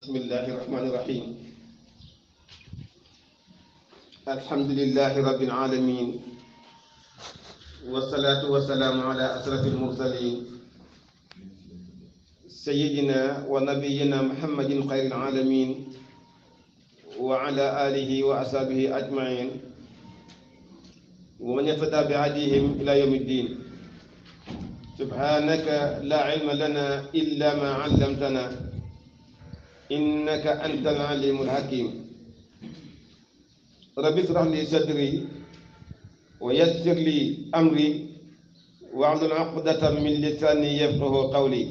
بسم الله الرحمن الرحيم الحمد لله رب العالمين والصلاة والسلام على أشرف المرسلين سيدنا ونبينا محمد خير العالمين وعلى آله وأصحابه أجمعين ومن يفتى بعديهم إلى يوم الدين سبحانك لا علم لنا إلا ما علمتنا إنك أنت العليم الحكيم رب اشرح لي صدري ويسر لي أمري واحلل عقدة من لساني يفقه قولي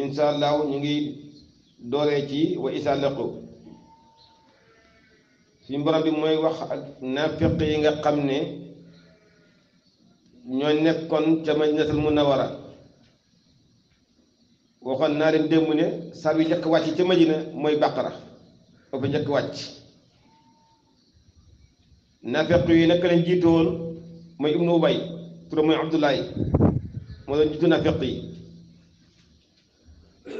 إن شاء الله نجي دوريتي وإسالقو في مبرم بموي mooy نافقي ak nafiq yi nga xam ca Madinatul Munawara waxoon naa leen démb ne saar yu njëkk wàcc ca Madina mooy bàqara ba fa njëkk wàcc naafeq yi naka lañ jiitu woon mooy ibnu ubay turam mooy abdoulaye moo doon jiitu naafeq yi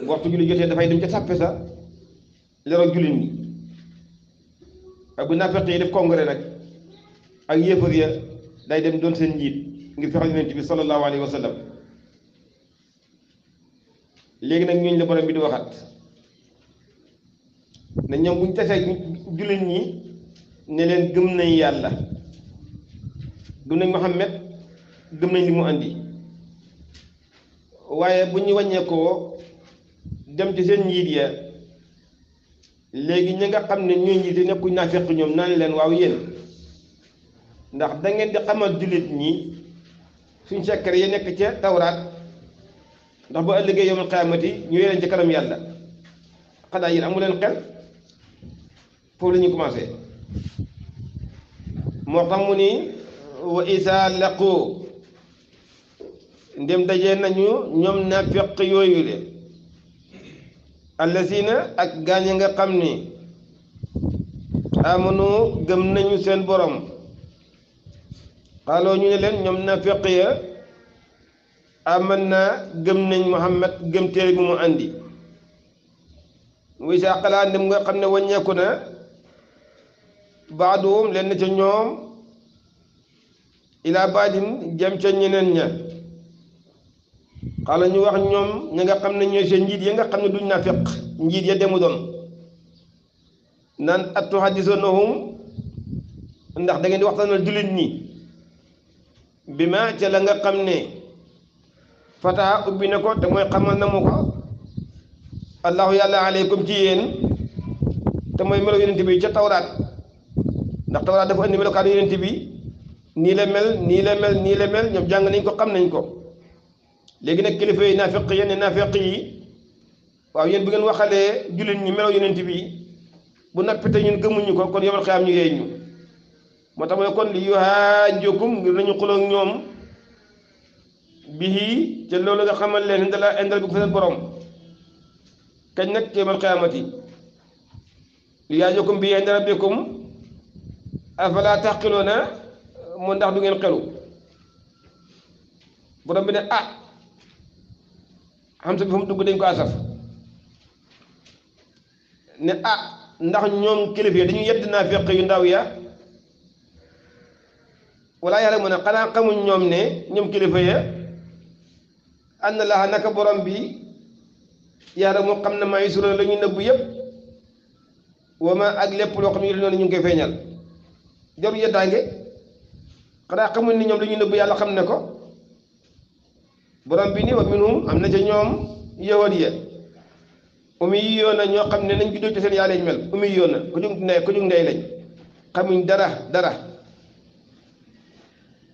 waxtu julli jotee dafay dem ca sàppe sa leroog jullit ñi waaye bu naafeq yi def congrès nag ak yéefar ya day dem doon seen njiit ngir fexal yonent bi sallallahu alayhi wa léegi nag ñooñu la borom bi di waxat ne ñoom bu ñu tasee jullit ñi ne leen gëm nañ yàlla gëm nañ Muhammad gëm nañ li mu andi waaye bu ñu wàññeekoo dem ci seen njiit ya léegi ñi nga xam ne ñooy njiit yi nekkuñ naa fekk ñoom naa leen waaw yéen ndax da ngeen di xamal jullit ñi suñ secret yi nekk ci tawraat ndax bu ëllëgee yawmal qiyaamati ñu leen ci kanam yàlla xanaa yéen mu leen xel foofu la ñuy moo tax ni wa isa laqu ndem daje nañu ñoom naafeq yooyu le allazina ak gaañ nga xam ni amanu gëm nañu seen boroom xaaloo ñu ne leen ñoom naafeq ya amanna gëm nañ muhammad gëm téere bi mu andi muy saa xalaat dem nga xam ne wàññeeku na baaduhum lenn ca ñoom ilaa baadin jëm ca ñeneen ña xaala ñu wax ñoom ña nga xam ne ñooy seen njiit ya nga xam ne duñ naa feq njiit ya demu doon naan attu hadisanahum ndax da ngeen di waxtaanal jullit ñi bi ma ca la nga xam ne fataha ubbi na ko te mooy xamal na mu ko allahu yàlla aleykum ci yéen te mooy melo yonent bi ca tawraat ndax tawraat dafa indi melokaanu yonent bi nii la mel nii la mel nii la mel ñoom jàng nañ ko xam nañ ko léegi nag kilifa yi naafeq yi ne yi waaw yéen bu ngeen waxalee jullit ñi melo yonent bi bu noppi te ñun gëmuñu ko kon yomal xiyaam ñu yeey moo tax mooy kon li yuhaajukum ngir nañu xuloo ñoom bihi ca loolu nga xamal leen indal indal bi ko seen borom kañ nag kéemal qiyaamati li yaajukum bihi inda rabbikum afala taqiloona mu ndax du ngeen xelu borom bi ne ah xam sa bi fu mu dugg dañ ko asaf ne ah ndax ñoom kilifa dañu yedd naa feq yu ndaw ya wala yàlla mu ne xanaa xamuñ ñoom ne ñoom kilifa ya am na laa naka borom bi yaara moo xam ne maa ngi suróo la ñu nëbbu yëpp wama ak lépp loo xam ne ñu ngi koy feeñal jaru yeddaange xanaa xamul ni ñoom lañuy ñu nëbbu yàlla xam ne ko borom bi ni wax minhum am na ñoom yowat ya umi yi yoona ñoo xam ne nañ juddoo ci seen yàlla lañ mel umi yi yoona ndey ku ndey lañ xamuñ dara dara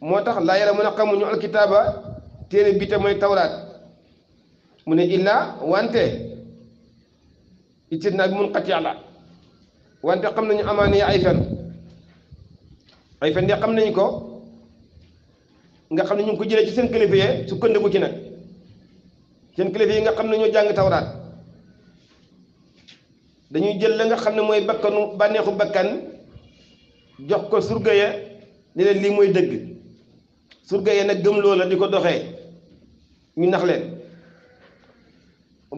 moo tax laa yara mën a xamuñu alkitaaba téere bi te mooy tawraat mu ne illaa wante itit naa mun xat yàlla wante xam nañu amaane ay fen ay fen de xam nañ ko nga xam ne ñu ko jëlee ci seen kilifa yi ci nag seen yi nga xam ne ñoo jàng tawraat dañuy jël la nga xam ne mooy bakkanu bànneexu bakkan jox ko surga ya ne leen lii mooy dëgg surga ya nag gëm loola di ko doxee ñu nax leen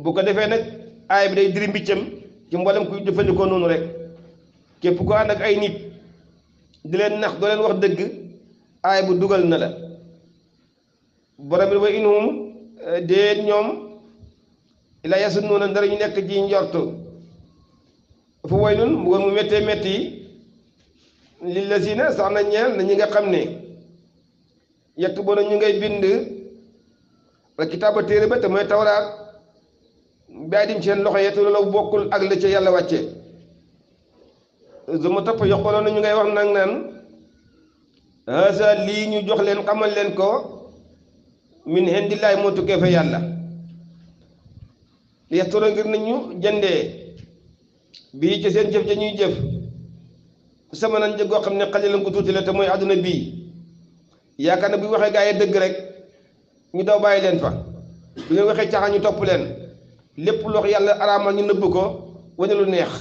bu ko defee nag aay bi day diri mbiccam ci mboolem kuy jëfandikoo noonu rek képp ko ànd ak ay nit di leen nax doo leen wax dëgg aay bu dugal na la borom bi wa in eh, déet ñoom ila yasunnuuna dara ñu nekk ci njortu fu waylun mbugal mu méttee métti yi lil lazina sax na ñeel na ñi nga xam ne yekk boona ñu ngay bind wala kitaaba téere ba te mooy tawraat bàyyi dim seen loxo yetu loolu bokkul ak la ca yàlla wàcce su ma topp yokkaloon na ñu ngay wax nag naan hasa lii ñu jox leen xamal leen ko min hendillaay moo tukkee fa yàlla li yastoro ngir nañu jëndee bii ci seen jëf ja ñuy jëf sama nañ jëg xam ne xale lañ ko tuuti la te mooy àdduna bii yaakaar na bu waxee gaa yi dëgg rek ñu daw bàyyi leen fa bu ngeen waxee caaxaan ñu topp leen lépp loo yàlla araamal ñu nëbb ko wane lu neex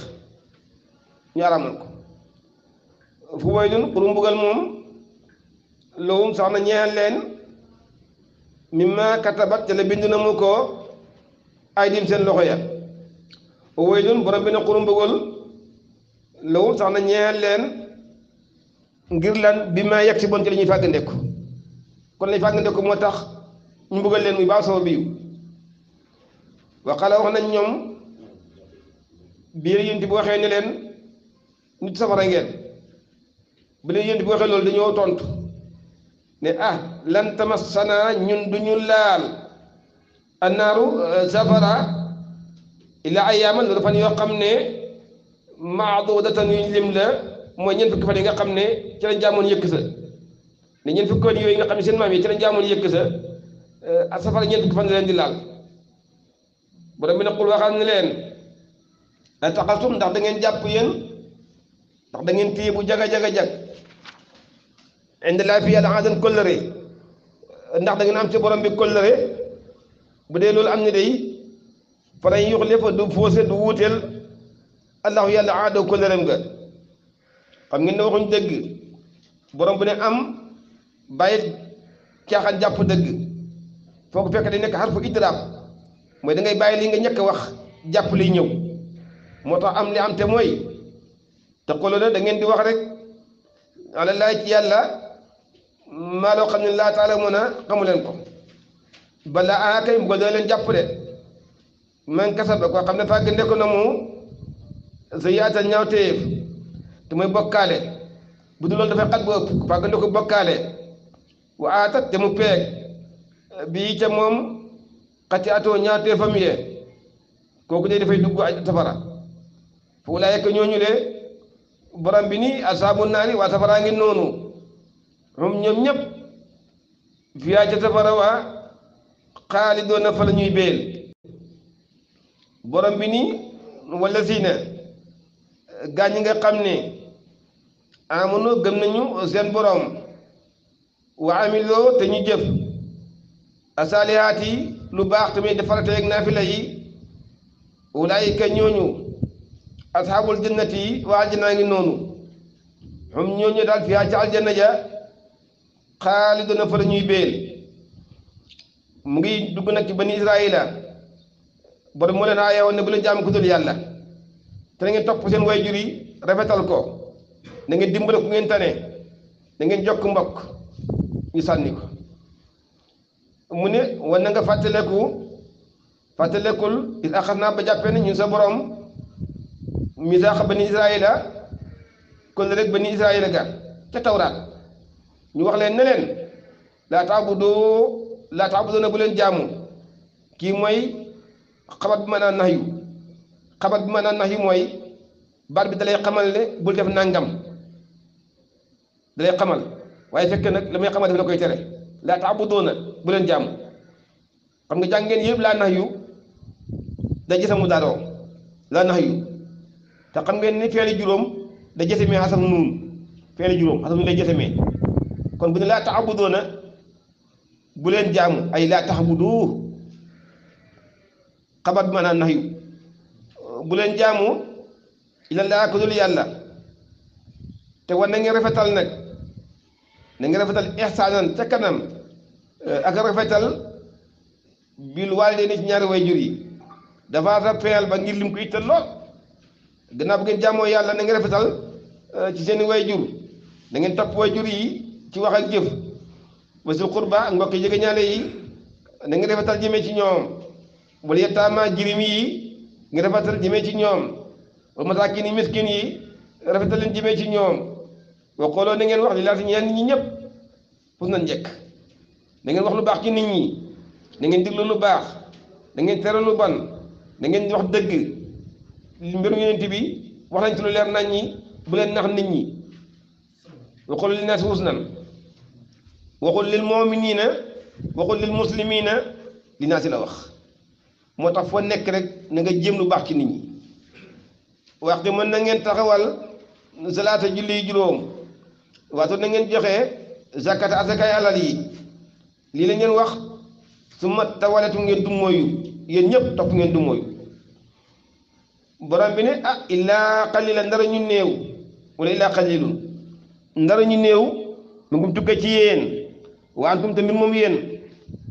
ñu araamal ko fu waylun pour mbugal moom lowum sax na ñeexal leen mimma katabat te la bind na mu ko ay dim seen loxo ya waylun borom bi ne xurum mbugal lowum sax na ñeexal leen ngir lan bi ma yegg si bon ci la ñuy fàggandeku kon la ñuy fàggandeku moo tax ñu bëggal leen muy baasoo biiw waqala wax nañ ñoom biir yénti bu waxee ni leen nit safara ngeen bi leen yénti bu waxee loolu dañoo tontu ne ah lan tamassana ñun du ñu laal naaru euh, safara illa ayaaman loolu fan yoo xam ne maadudatan yuñ lim la mooy ñeent fukki fan yi nga xam ne ci lañ jaamoon yëkk sa ne ñeent fukki fan yooyu nga xam ne seen maam yi ci lañ jaamoon Euh, ak safar ñeent fan leen di laal borom bi ne xul waxal ni leen a taxasum ndax da ngeen jàpp yéen ndax da ngeen téye bu jaga jaga jag indi laa fi yàlla am ci borom bi kóllëre bu dee loolu am na day fanañ yuxle fa du foose du wuuteel allahu yàlla aada kóllëreem nga xam ngeen ne waxuñ dëgg borom bu ne am bàyyi caaxaan jàpp dëgg foo ko fekk day nekk xarfu idraab mooy da ngay bàyyi lii nga ñàkk wax jàpp li ñëw moo tax am li am te mooy te xooloo na da ngeen di wax rek ala laay ci yàlla maa loo xam ne laa taala mën a xamu leen ko balaa ah kay mbugal doo leen jàpp de man kasaba koo xam ne fàgg nekk na mu sa yaata ñaaw téyeef te mooy bokkaale bu dul loolu dafay xat bu ëpp fàgg ne ko bokkaale wa aatat te mu peeg. bii ca moom xati atoo ñaatee fam yee kooku dee dafay dugg aj safara fu ulaayeka ñooñu le borom bi nii asaabu naari waa safaraa ngi noonu moom ñoom ñëpp fiyaa ca safara waa xaalidoona fa la ñuy béel borom bi nii walla siina gaa ñi nga xam ne amono gëm nañu seen borom waa amiloo te ñu jëf asalihaat yi lu baax tamit farata yeeg naafila yi ulaayika ñooñu asxaabul jannati yi waa aljanna ngi noonu xum ñooñu daal fiyaa ca aljanna ja xaaliduna fa la ñuy béel mu ngi dugg nag ci bani israila borom moo leen aaye woon ne bu leen jaam ku yàlla te na ngeen topp seen wayjur yi rafetal ko na ngeen dimbale ku ngeen tane na ngeen jokk mbokk ñu sànni ko mu ne war na nga fàttaleku fàttalekul it axas naa ba jàppee ne ñun sa borom misaax bani israila kon rek bani israila ga ca tawraat ñu wax leen ne leen laa taabudoo laa taabudoo na bu leen jaamu kii mooy xabat bi maanaam nax yu xabat bi maanaam nax yu mooy bar bi dalay xamal le bul def nangam dalay xamal waaye fekk nag la muy xamal daf la koy tere laa taabudoona bu buleen jàmm xam nga jàngeen ngeen yëpp laa nax yu da jëse mu daaroo laa nax yu te xam nga ni feeli juróom da jëse mee asaf nuun juróom asaf nuun da jëse kon bu ne laa taabudoona bu leen jaamu ay laa taxbudu xabar bi maanaam nax yu bu leen jaamu ila laa ko yàlla te war na ngeen rafetal nag na nga rafetal ihsaanan ca kanam eh, ak rafetal bil waalidayni ci ñaari way jur yi dafa rappel ba ngi lim ko itte lool gannaaw bu ngeen yàlla na ngeen rafetal eh, ci seen way jur da ngeen topp way jur yi ci wax ak jëf wasil xurba ak mbokk jege ñaale yi na ngeen rafetal jëmee ci ñoom wala yettaama jirim yi ngeen rafetal jëmee ci ñoom wala masaakin yi miskin yi rafetal leen jëmee ci ñoom wa xooloo na ngeen wax li laata ñeen ñi ñëpp pus na njëkk da ngeen wax lu baax ci nit ñi da ngeen lu baax da ngeen tere lu ban da ngeen dëgg mbirum yonent bi wax nañ ci lu leer nañ ñi bu nax nit ñi wa xooloo li naas husnan waxul lil mu'minina waxul lil muslimina li naa si la wax moo tax foo nekk rek na nga jéem lu baax ci nit ñi wax di mën na ngeen taxawal salaata julli juróom waatoon na ngeen joxe zakat asakay alal yi lii la ngeen wax suma ma tawaletu ngeen du mooyu yéen ñëpp topp ngeen du mooyu borom bi ne ah, ñu néew wala illaa qalilun ñu néew mu ngi ci yéen wa antum tamit moom yéen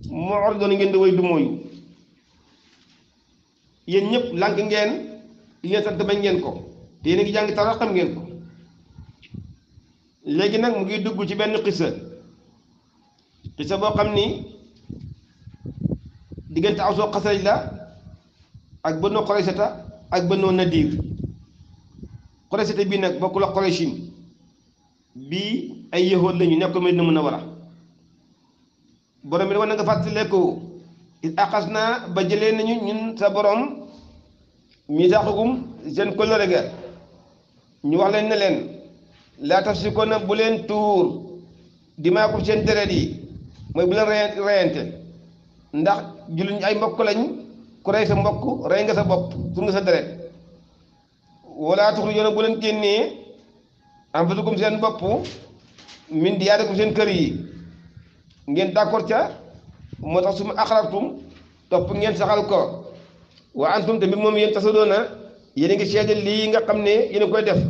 moo ngeen di way du yéen ñëpp lànk ngeen li leen sant bañ ngeen ko te yéen a ngi jàng tara xam ngeen ko léegi nag mu ngi dugg ci benn xisa xisa boo xam ni diggante Awsu Xasraj la ak Banu Quraysata ak Banu Nadir Quraysata bii nag bokkul ak Qurayshin bii ay yahood lañu nekkoon Madina Munawara borom bi war na nga ko it aqas naa ba jëlee nañu ñun sa borom mi saxugum seen kóllëre ga ñu wax leen ne leen laa taf si na bu leen tuur dimaa ko seen deret yi mooy bu leen reyante ndax jullit ay mbokk lañ ku rey sa mbokk rey nga sa bopp tuur nga sa deret wala tuxlu yoona bu leen génnee anfusakum seen bopp min diyaarikum seen kër yi ngeen d'accord ca moo tax su ma axrartum topp ngeen saxal ko wa antum tamit moom yéen tasadoona yéen a ngi seede lii nga xam ne yéen a koy def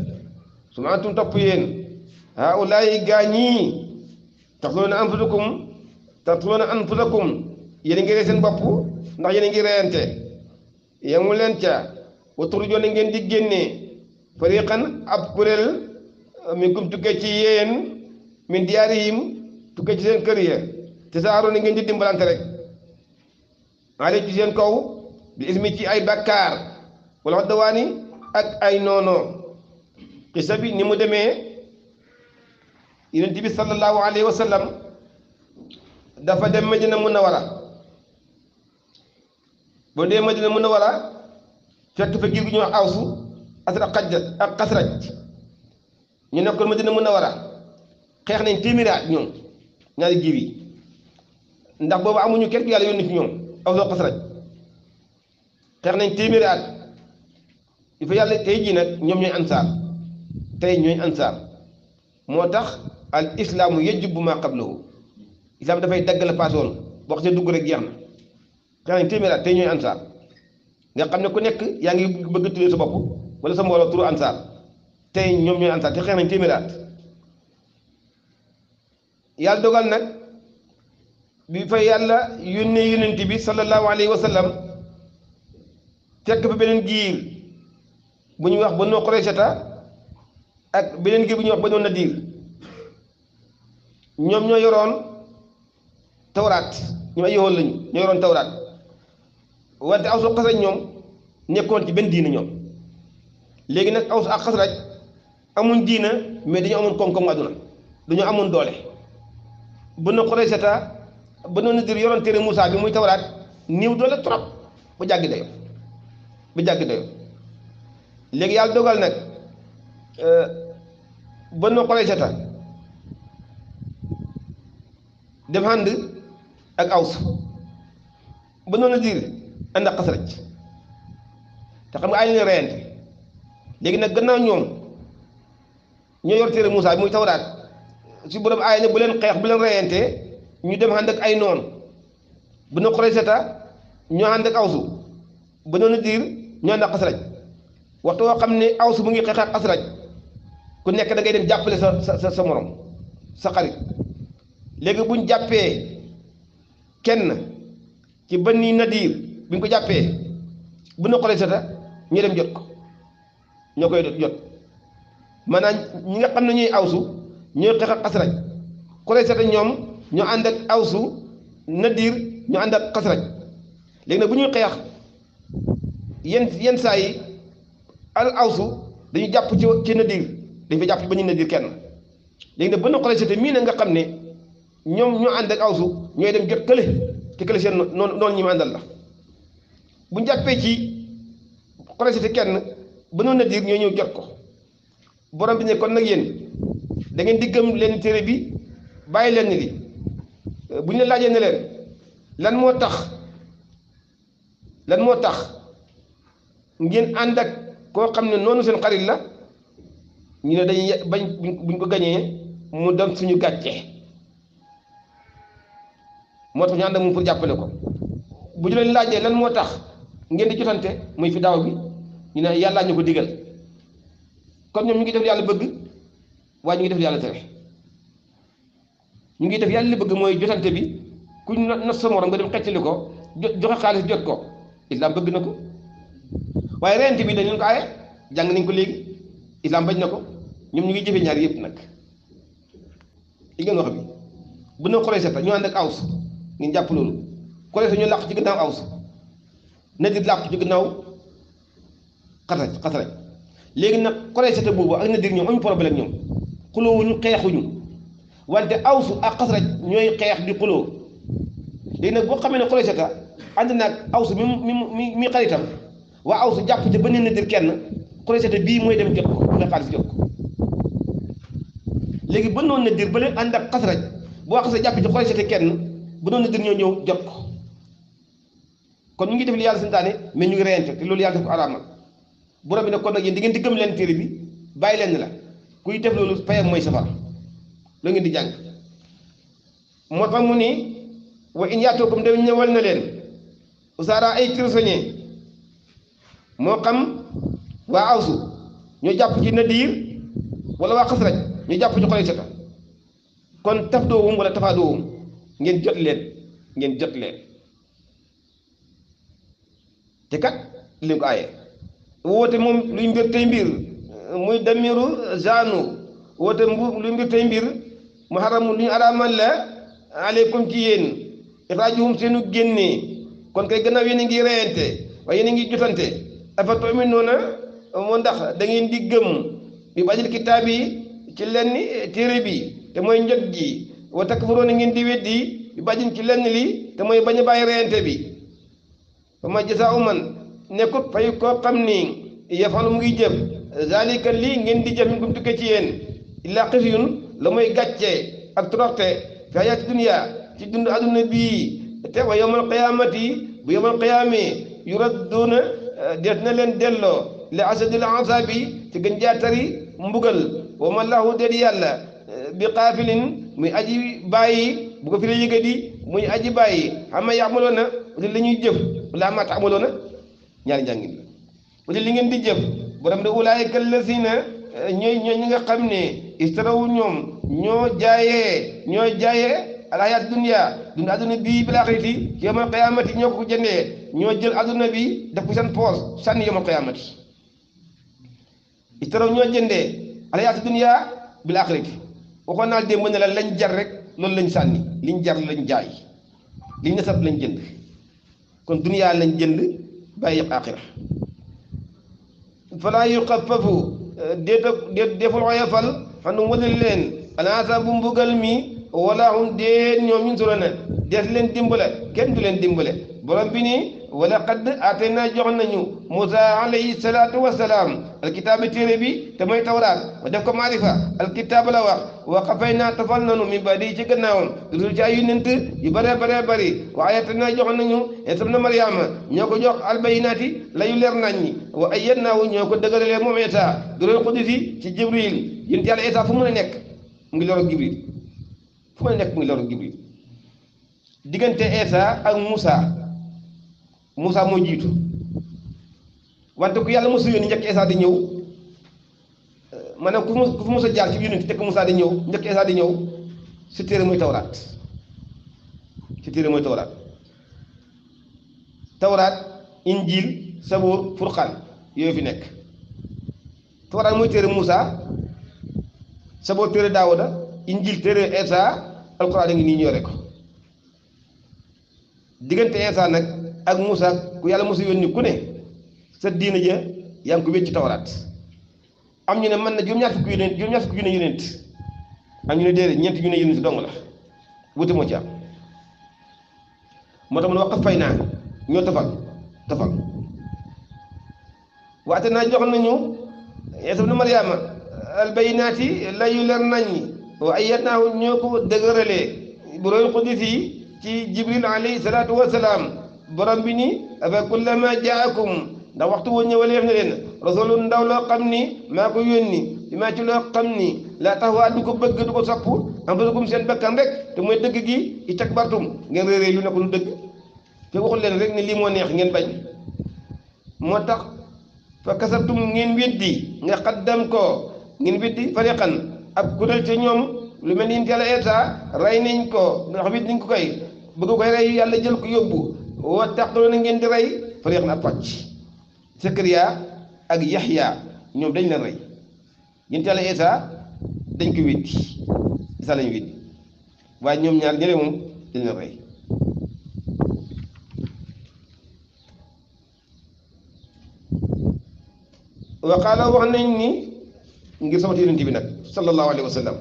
su ma antum topp yéen ah ulaay gaa ñii taqtuluuna anfusakum taqtuluuna anfusakum yéen a ngi rey seen bopp ndax yéen a ngi reyante yemu leen ca wa tuxrijuuna ngeen di génne fariqan ab kuréel minkum tukkee ci yéen min yim tukkee ci seen kër ya te saaroo na ngeen di dimbalante rek ale ci seen kaw bi ismi ci ay bakkaar wala xoddawaani ak ay noonoo xisa ni mu deme yonent bi sallallahu alayhi wa sallam dafa dem medina Munawara bo dem medina Munawara fekk fa giir gi ñoo awsu asra xaj ak qasraj ñu nekkoon medina Munawara xex nañ téeméeri ñom ñoom ñaari giir yi ndax bobu amuñu kër ku yàlla yónni ci ñom awsu ak xasraj xeex nañ téeméeri ifa yàlla tay ji nak ñom ñoy ansar tey ñooñ ansaar moo tax al islaamu yajibu ma qablahu islaam dafay dagg la paase woon boo xasee dugg rek jeex na xanaa ñu téeméeraat tey ñooy nga xamné ku nekk ya nga bëgg tuddee sa bop wala sa mbolo turu ansar tay ñom ñooy ansar te xeex nañ téeméeraat yàlla dogal nak bi fa yàlla yónnee yónnent bi sallallahu alayhi wa sallam fekk fa benen giir bu ñu wax ba no Qurayshata ak beneen gi bu ñuy wax Banu Nadiir ñoom ñoo yoroon tawraat ñoom ay yowoon lañu ñoo yoroon tawraat wante Aws ak Xasraj ñoom nekkoon ci benn diina ñoom léegi nag Aws ak Xasraj amuñ diina mais dañoo amoon koom-koom àdduna dañoo amoon doole Banu Qurayzata Banu Nadiir yoroon téere Muusaa bi muy tawraat néew doole trop ba jàggi dayo ba jàggi dayo léegi yàlla dogal nag euh, Banu Qurayzata dem Hind ak Aws Banu diir ànd ak Xasraj te xam nga ay leen reyante léegi nag gannaaw ñoom ñoo yor téere Moussa bi muy tawraat si borom ay ne bu leen xeex bu leen reyante ñu dem Hind ak ay noon Banu Qurayzata ñoo ànd ak Awsu Banu Nadir ñoo ànd ak Xasraj waxtu xam ne Aws mu ngi xeex ak Xasraj ku nekk dangay dem jàppale sa sa sa morom sa xarit léegi buñ jàppee kenn ci Bani Nadir buñ ko jàppee bu na xoolee ñu dem jot ko ñoo koy jot maanaam ñi nga xam ne ñuy awsu ñooy xeex ak xasraj xoolee sata ñoom ñoo ànd ak awsu Nadir ñoo ànd ak xasraj léegi nag bu ñuy xeex yenn yenn saa yi al awsu dañu jàpp ci ci Nadir dañ fa jàpp ba ñu ne kenn léegi nag banu Qurayza mii nag nga xam ne ñoom ñoo ànd ak awsu ñooy dem jot kële te kële seen noonu noonu ñi mu àndal la bu ñu jàppee ci Qurayza kenn ba noonu na dir ñoo ñëw jot ko borom bi ne kon nag yéen da ngeen di gëm leen téere bi bàyyi leen ni li bu ñu la laajee ne leen lan moo tax lan moo tax ngeen ànd ak koo xam ne noonu seen xarit la ñu ne dañuy bañ buñ ko gañee mu dem suñu gàcce moo tax ñu ànd moom pour jàppale ko bu ñu leen laajee lan moo tax ngeen di jotante muy fi daaw bi ñu ne yàllaa ñu ko digal kon ñoom ñu ngi def yàlla bëgg waaye ñu ngi def yàlla tere ñu ngi def yàlla li bëgg mooy jotante bi ku ñu nos sa morom nga dem xeccali ko jot joxe xaalis jot ko islam bëgg na ko waaye rent bi dañ ko aaye jàng nañ ko léegi islam bañ na ko ñoom ñu ngi jëfe ñaar yëpp nag li ngeen wax bi bu na Quraysh ta ñu ànd ak Aws ngeen jàpp loolu Quraysh ñu làq ci gannaaw Aws Nadir làq ci gannaaw Xasraj Xasraj léegi nag Quraysh boobu ak Nadir ñoom amuñu problème ñoom xuloowuñu xeexuñu wante Aws ak Xasraj ñooy xeex di xuloo léegi nag boo xamee ne Quraysh ta ànd naag Aws mi mi mi xaritam waa Aws jàpp ci ba ne Nadir kenn Quraysh ta bii mooy dem jot ko bu la xaalis jot ko léegi bu noonu na dir ba leen ànd ak xasraj boo xasee jàpp ci xool seeti kenn bu noonu na dir ñoo ñëw jot ko kon ñu ngi def li yàlla santaane mais ñu ngi reyante te loolu yàlla def ko araamal borom bi nag kon nag yéen di ngeen di gëm leen téere bi bàyyi leen la kuy def loolu payam mooy safar la ngeen di jàng moo tax mu ni wa in yaatookum dañ na leen usaara ay prisonnier moo xam waa awsu ñoo jàpp ci Nadiir wala waa Xasraj ñu jàpp ci xolay seta kon taf doowum wala tafaa doowum ngeen jot leen ngeen jot leen te kat li luy mbir tey mbir muy damiru zaanu woote mbu luy mbir tey mbir mu xaramu lu ñu araamal la aleykum ci yéen ixraajuhum seenu génne kon kay gannaaw yéen a ngi reyante waaye yéen a ngi jotante afa tu'minuuna moo ndax da ngeen di gëm kitaabi ci lenn téere bi te mooy njëg gi wa takfuruuna ngeen di weddi bi bàjjin ci lenn li te mooy bañ a bàyyi reyante bi fa ma jasaa'u man nekkut fay koo xam ni yafalu mu ngi jëf zalika lii ngeen di jëf ñu ci yéen illaa xisyun la mooy gàcce ak toroxte fi hayaati dunya ci dund adduna bi te wa yawmal qiyaamati bu yawmal qiyaame yuradduuna des na leen delloo la asadil asabi ci gën jaatari mbugal wa ma lahu déet yàlla bi xaafilin muy aji bàyyi bu ko fi la yëgat yi muy aji bàyyi xam nga yaxmaloona li la ñuy jëf laa maa taamaloona ñaari njàngin la li ngeen di jëf borom de ulaayika lazina ñooy ñooy ñi nga xam ne istarawu ñoom ñoo jaayee ñoo jaayee alxayaat dunya dund adduna bi bil axirati yawmal qiyaamati ñoo ko jëndee ñoo jël adduna bi def ko seen poos sànni yawmal qiyaamati istaraw ñoo jëndee alxayaatu duniyaa bil aaxirati waxoon naa démb ne la lañ jar rek loolu lañ sànni liñ jar lañ jaay liñ nasab lañ jënd kon duniyaa lañ jënd bàyyi yëpp aaxira falaa yuxaffafu déeta déet deful oyofal xanu wëlal leen alaasabu mbugal wala hum déet ñoom ñun sura na des leen dimbale kenn du leen dimbale borom bi nii wala qad atayna jox nañu Musa alayhi salaatu wa salaam alkitaabi téere bi te mooy tawraat ma def ko maarifa alkitaab la wax wa qafayna tofal nanu min badi ci gannaawam rusul ci ay yonent yu bare bare bari wa naa jox nañu Iisa na Maryama ñoo ko jox albayinaati la yu leer nañ ñi wa ayyadnaahu ñoo ko dëgëralee moom Iisa durul qudsi ci Jibril yonent yàlla Iisa ne nekk mu ngi loro Jibril fu mu ne nekk mu ngi loro diggante Eesa ak Moussa Moussa moo jiitu wante ku yàlla mosu yónni njëkk Eesa di ñëw euh, maanaam ku mu ku mos a jaar ci yónni tekk Moussa di ñëw njëkk Eesa di ñëw si téere mooy tawraat si téere mooy tawraat tawraat injiil sabuur furqaan yooyu fi nekk tawraat mooy téere Moussa sabuur téere Daawuda injiil téere Eesa alxuraan a ngi nii ñoore ko diggante Insa nag ak Moussa ku yàlla Moussa yónni ku ne sa diina ja yaa ngi ko wécc tawraat am ñu ne mën na juróom-ñaar fukki yónent juróom-ñaar ñu ne déedéet ñeenti junne yónent dong la wuute moo ci am moo tax mu ne wax fay naa ñoo tafal tafal waate naa jox nañu Insa ibn Mariama albayinaati la yu leer naññi wa ayyadnaahu ñoo ko dëgëralee bu na xudis yi ci jibril alayhi salaatu wasalaam borom bi ni afa ma jaakum ndax waxtu woo ñëwaleef ne leen rasulun ndaw loo xam ni maa ko yónni bi maa ci loo xam ni laa tax waa du ko bëgg du ko sopp anfusakum seen bakkan rek te mooy dëgg gi istakbartum ngeen réeré lu dëgg waxul leen rek ne lii moo neex ngeen bañ moo tax fa kasabtum ngeen weddi nga xaddam ko ngeen weddi fariqan ab kuréel ca ñoom lu mel ni yéen yàlla eeta ko ndax weddi nañ ko koy bu ko koy rey yàlla jël ko yóbbu wa taqtulu na ngeen di rey fariiqan ab pàcc Sakariya ak Yaxya ñoom dañ leen rey yonent Yàlla Isa dañ ko witti Isa lañ witti waaye ñoom ñaar ñële moom dañ leen rey wa qaala wax nañ ni ngir sama yonent bi nag sallallahu alayhi wa sallam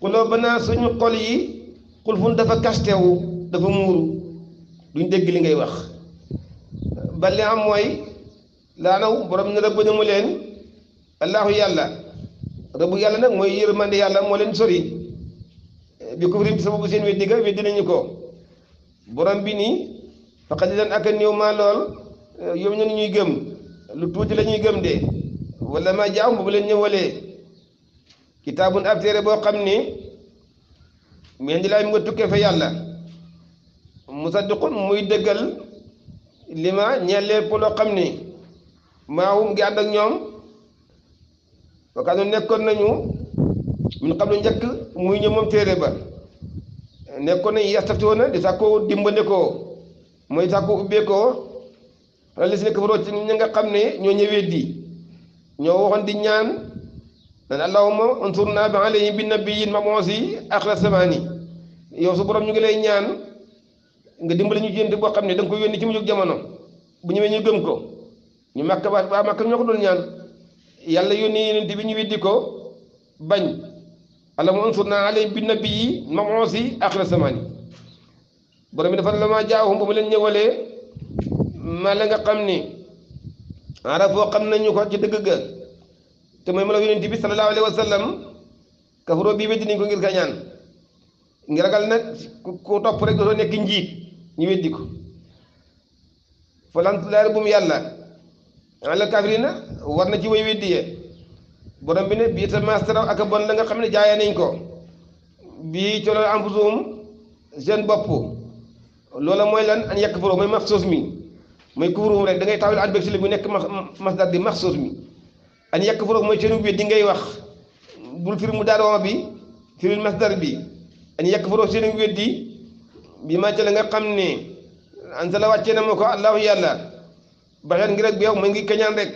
quluubanaa suñu xol yi xulfun dafa kastew dafa muuru duñ dégg li ngay wax ba li am mooy laanaw borom ne rëbb na mu leen allahu yàlla rëbb yàlla nag mooy yërmande yàlla moo leen sori bi kufrim sababu seen weddi ga ko borom bi nii faqat di leen ak néew maa lool euh, yom ñun ñuy gëm lu tuuti lañuy gëm de wala maa jaam bu leen ñëwalee kitaabun ab téere boo xam ni min indillahi mu nga tukkee fa yàlla musaddiqun muy dëggal li ma ñeel lépp loo xam ne maawum ngi ànd ak ñoom wakkaanu nekkoon nañu min xam lu njëkk muy ñëw moom téere ba nekkoon nañu yastaftiwoon na di ko dimbandikoo mooy sàkkoo ubbeekoo xanaa li si nekk fa root ñi nga xam ne ñoo ñëwee di ñoo waxoon ñaan dana allahumma unsurna bi alayhim bi nabiyyin mabuusi axira samaani yow su borom ñu ngi lay ñaan nga dimbali ñu jënd boo xam ne da nga ko yónni ci mu mujj jamono bu ñëwee ñu gëm ko ñu makka ba waa makka ñoo ko doon ñaan yàlla yónni yonent bi ñu weddi ko bañ allahumma unsurna alayhim bi nabiyyin mabuusi axira samaani borom bi dafa ne la maa jaahum ba mu leen ñëwalee maa la nga xam ni arafoo xam ñu ko ci dëgg ga te mooy melo yonent bi sallallahu alayhi wa sallam kafuroo bii weddi nañ ko ngir kañaan ngi ragal nag ku topp rek dootoo nekk njiit ñu weddi ko fa lantulaar bu mu yàlla alal kaafirina war na ci way yee borom bi ne bii ta mastaraw ak bon la nga xam ne jaayee nañ ko bii colal anfusum seen bopp loola mooy lan an yàkk furoo mooy maxsuus mi mooy kufruum rek da ngay taawil at beeg si li bu nekk mas masdar di maxsuus mi an yàq foroog mooy seenu weddi ngay wax bul firi mu daaroma bi firil masdar bi an yàq foroog seenu weddi bi ma ca la nga xam ne an sa la na moo ko allahu yàlla baxeen ngir ak beew mooy ngir kañaan rek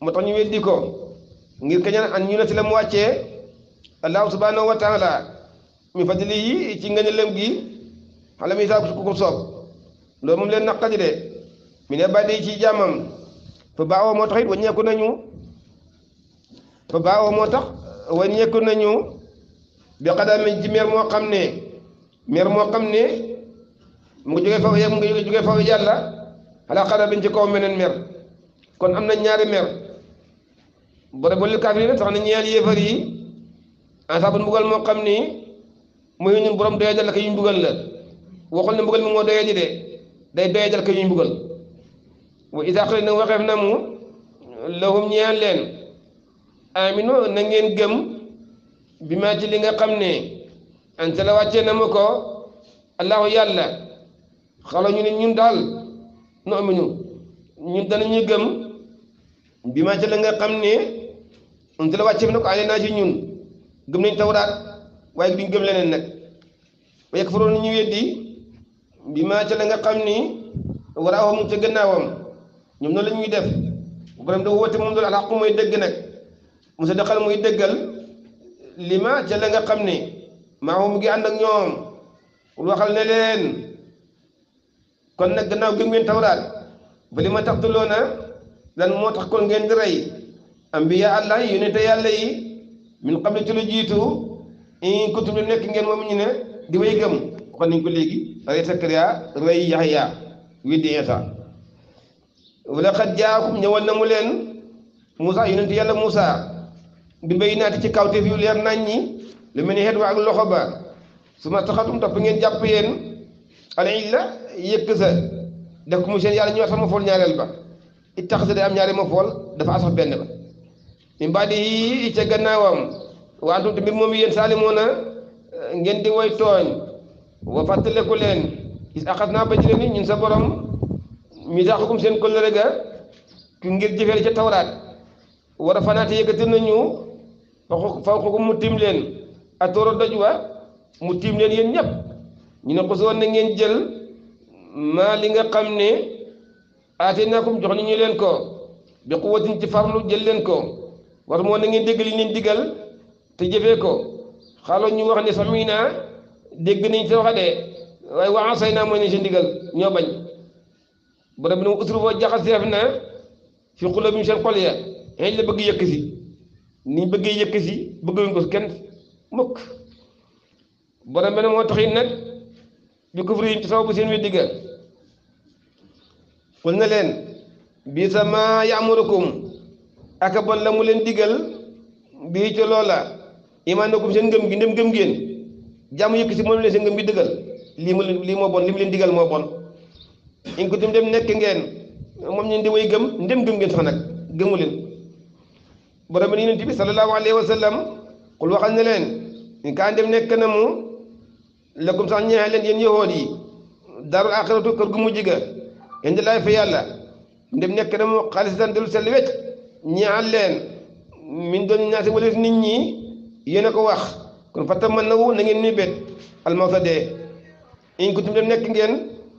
moo tax ñu weddi ko ngir kañaan an ñu ne si la mu wàccee allahu subhanahu wa taala mi fadli yi ci ngëneelam gi xala mi saa ku ko soob loolu moom leen naqadi de mi ne bàyyi ci jàmmam fa baaxoo moo tax it wàññeeku nañu fa baawoo moo tax wa ñekku nañu bi xadami ci mer moo xam ne mer moo xam ne mu ngi jógee faw mu ngi jógee faw yàlla xalaa xada biñ ci kaw meneen meer kon am na ñaari meer bu re balil kaafiriin sax na ñeel yéefar yi en sax bu moo xam ni muy ñun borom doyee dal ka yuñ mbugal la waxul ne mbugal mi moo doyee de day doyee dal ka yuñ mbugal wa isaqli na waxeef na mu lahum ñeel leen amino na ngeen gëm bi ma ci li nga xam ne anta la wàccee na ma ko allahu yàlla xala ñu ne ñun daal nu aminu ñun ñuy gëm bii ma ci la nga xam ne anta la wàccee na ko ale naa ci ñun gëm nañ tawraat waaye duñ gëm leneen nag ba yegg faroon ñu weddi bi ma ci la nga xam ni waraawam ca gannaawam ñoom noonu la ñuy def borom da woote moom loolu alxaqu mooy dëgg nag mu saddaqal muy dëggal li ma jële nga xam ne maa mu ngi ànd ak ñoom waxal ne leen kon nag gannaaw gëm ngeen tawraat ba li ma tax duloona lan moo tax kon ngeen di rey ambiya allah yonente yàlla yi min xam ne ci lu jiitu in kuntum nekk ngeen moom ñu ne di way gëm waxoon nañ léegi rey Sakariya rey Yaxya weddi Iisa wala xat jaakum ñëwal na mu leen Moussa yonente yàlla Moussa bi bay naati ci kawteef yu leer nañ ñi lu mel ni xet wa ak loxo ba su ma taxatum topp ngeen jàpp yéen al illa yëkk sa def ko mu seen yàlla ñëwaat sax ma fool ñaareel ba it tax sa day am ñaare ma fool dafa asax benn ba mi mbaa di yi ca gannaawam waa antum tamit moom yéen saalimoona ngeen di way tooñ wa fàttaleku leen gis axas naa ba jëlee ni sa borom mi saxakum seen kóllëre ga ngir jëfee ca tawraat war a fanaate yëkkati nañu faw ko mu tim leen a tooro doj wa mu tiim leen yéen ñëpp ñu ne xusoon na ngeen jël maa li nga xam ne aatee naa ko jox ñu ñu leen ko bi quwwatin ci farlu jël leen ko war moo na ngeen dégg li ñu digal te jëfee ko xaaloo ñu wax ne naa dégg nañ sa waxa de waaye wa asayna mooy nañ sa ndigal ñoo bañ borom bi ne usrufoo jaxaseef na fi xulubihim seen xol ya yañ la bëgg yëkk si ni bëggee yëkk si bëgg ko kenn mukk borom benn moo tax it nag bi ko firi ci sababu seen weddi ga wal na leen bii sama yaamurukum aka bon la mu leen digal bi ci loola imaanukum seen ngëm gi ndem ngëm ngeen jàmm yëkk si moom leen seen ngëm gi dëggal lii mu lii moo bon li mu leen digal moo bon in ko tum dem nekk ngeen moom ñeen di way gëm ndem gëm ngeen sax nag gëmu leen borom bi yonent bi sallallahu alayhi wa sallam xul waxal ne leen in kaan dem nekk na mu lakum sax ñeexee leen yéen yahood yi daarul axiratu kër gu mujj ga indi laay fa yàlla dem nekk na mu xaalis daan dellu sell wecc ñeexal leen min doon ñaasi wala nit ñi yéen a ko wax kon fàttal man na wu na ngeen nuy bet almawta dee in kuntum dem nekk ngeen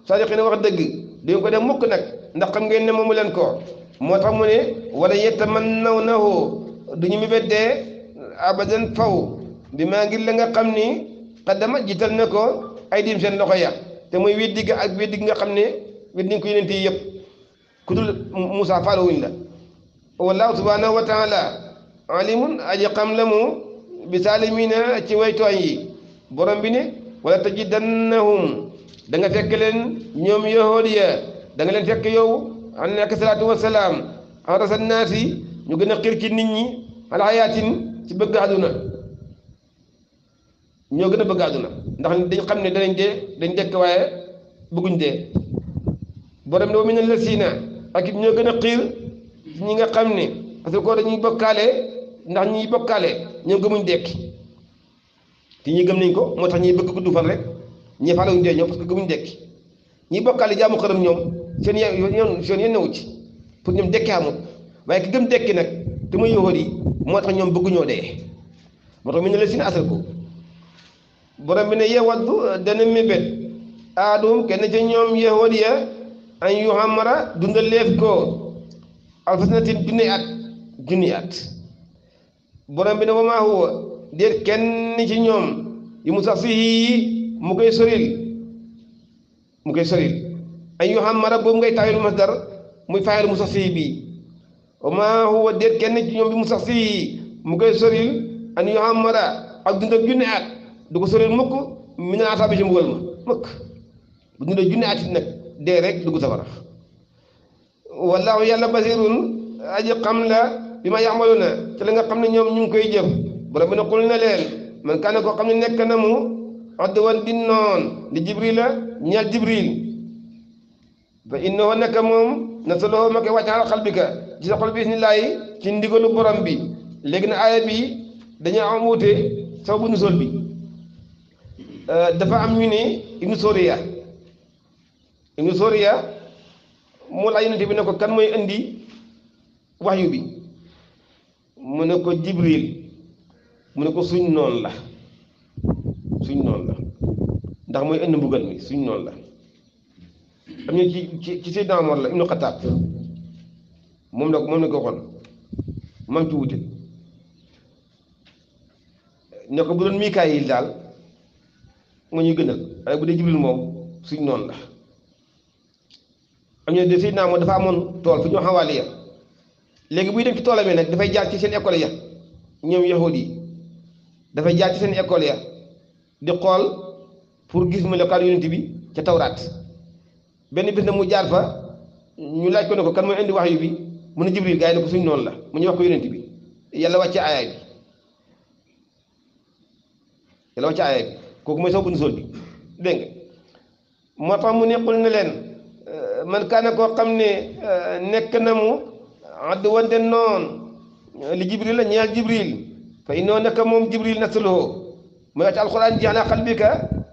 saadiqiina wax dëgg du ngeen ko def mukk nag ndax xam ngeen ne moomu leen ko moo tax mu ne wala yatamannawnahu duñu mi beddee abadan faw bi maa ngi la nga xam ni xaddama jiital na ko ay dim seen loxo ya te muy weddi ga ak weddi nga xam ne weddi ko yeneen yi yëpp ku dul Moussa faalo wuñ la wallahu subhanahu wa taala alimun aji xam la mu bi ci waytooñ yi borom bi ne wala tajidannahum da nga fekk leen ñoom yahood danga leen fekk yow an nekk salaatu wasalaam arasa naasi ñu gën a xiir ci nit ñi alxayaatin ci bëgg àdduna ñoo gën a bëgg àdduna ndax dañ xam ne danañ dee dañ dekk waaye bëgguñ dee borom ne wa mina lasiina akit ñoo gën a xiir ci ñi nga xam ne parce que ko dañuy kaale ndax ñi bokkaale ñoom gëmuñ dekki ti ñi gëm nañ ko moo tax ñuy bëgg gudd fan rek ñi faaluñ dee ñoom parce que gëmuñ dekki ñi bokkaale jaamu xërëm ñoom seen yoon seen yoon newu pour ñoom dekki amut waaye ki gëm dekki nag te muy yóoxoor yi moo tax ñoom bëgguñoo dee moo tax mu ne la sin asal ko borom bi ne yewaddu dana mébét aadum kenn ca ñoom yóoxoor ya an yuhamara dundaleef ko alfasnatin junni at borom bi ne wa maa kenn ci ñoom yi mu sax si mu koy soril mu koy soril ay yoo xam marab boobu ngay taawilu masdar muy faayal mu sax si bii wa maa huwa déet kenn mu sax si mu koy soril an yoo xam mara ak dunda junne at du ko soril mukk mi na asaabi ci mbugal ma mukk bu dunda junne at it nag dee rek dugg safara wallaahu yàlla basirun aji xam la bi ma yaxmaluna ci la nga xam ne ñoom ñu koy jëf borom bi ne xul leen man kaan na koo xam ne nekk na mu odduwan di noon li jibrila ñeel jibril ba innoo naka moom na soloo ma koy wàcc xal xal bi ka ci xol bi isnilaayi ci ndigalu borom bi léegi na aaya bi dañu am wuute sababu nusool bi euh, dafa am ñu ne ibnu soriya ibnu soriya moo laaj yonent bi ne ko kan mooy indi waxyu bi mu ne ko jibril mu ne ko suñ noon la suñ noon la ndax mooy indi mbugal mi suñ noon la am ñu ci ci Seydina la Ibnu Xataab moom la moom la ko waxoon moom ci wute ne ko daal moo ñuy gënal waaye bu dee Jibril moom suñ noon la am ñu de Seydina Omar dafa amoon tool fu ñu wax Hawaaliya léegi buy dem ci toolam yi nag dafay jaar ci seen école ya ñoom yahudi yi dafay jaar ci seen école ya di xool pour gis melokaan yonent bi ci tawraat benn bis na mu jaar fa ñu laaj ko ne ko kan mooy indi wax yu bi mu ne jibril gaa yi ne ko suñ noonu la mu ñu wax ko yonent bi yàlla wàcce aayaay bi yàlla wàcce kooku mooy saw bund sol bi dégg nga moo tax mu nekkul ne leen euh, man kaana koo xam ne euh, nekk na mu addu noon li jibril la ñeel jibril fay noonu naka moom jibril nastalohoo mu wax ci alquran jeex na xalbika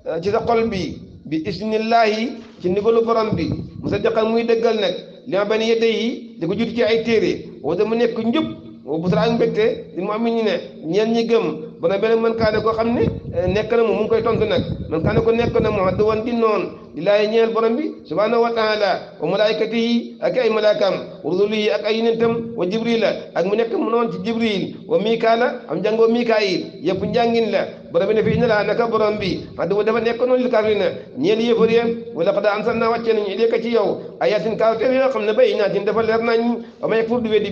eh, ci sa xol bi bi isnillahi ci ndigalu borom bi musaddiqan muy dëggal nag li ma benn yedde yi di ko ci ay téere da mu nekk njub bu sara ak mbégte mu am ñu ne ñeen ñi gëm bu ne man kaane koo xam ne eh, nekk mu mu koy tontu man kaane ko nekk na mu adduwan di noon lillaahi ñeel borom bi subhaanahu wa taala wa malaayikati yi ak ay malaakaam wa yi ak ay yonentam wa jibril wa mikaala am jàngoo mikaayil yëpp njàngin la borom bi ne fii ne laa naka borom bi dafa nekk noonu li kaafiri na ñeel yëfar ya wa laqad anzalnaa wàcce nañu ilayka ci yow ayaatin kaawteef yoo xam ne bayyinaatin dafa leer nañ wa may yakfur du weddi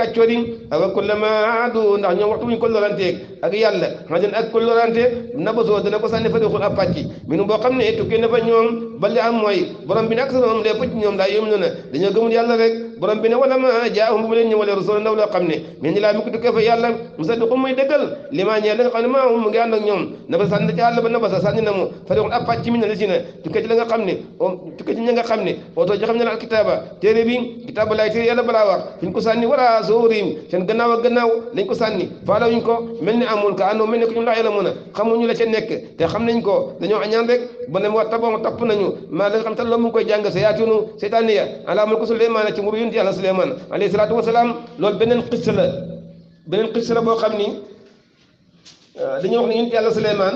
kàccoor yi awa kullama aadu ndax ñoom waxtu bu ñu ko loranteeg ak yàlla xajan ak ko lorante na basoo dana ko sànni fa dixul ab pàcc minu boo xam ne tukkee na fa am mooy borom bi nag sa moom lépp ci ñoom daa yëm na dañoo gëmul yàlla rek borom bi ne wala ma ah jaahum bu leen ñëwalee rasul ndaw loo xam ne min ni laa mi ko tukkee fa yàlla musaddiqu muy dëggal limaa ñeel la ne maa mu ngi ànd ak ñoom naba sànni ci sa sànni na mu fariqun ab pàcc mi ne oto jo xam ne la alkitaaba téere bi kitaaba laay téere yàlla balaa wax fi ñu ko sànni wala zuhuurihim seen gannaaw ak gannaaw lañ ko sànni faalaw ñu ko mel ni amul ka àndoo mel ni ko ñu laa yàlla a xamuñu ko dañoo añaan ba ne mu war taboom topp nañu maa la xam te loolu mu ngi koy jàng sayaatinu seytaaniya ala mulku Suleymaan ci nguuru yonent Yàlla Suleymaan alayhi salaatu wasalaam loolu beneen xis la beneen xis la boo xam ni euh, dañuy wax ne yonent Yàlla Suleymaan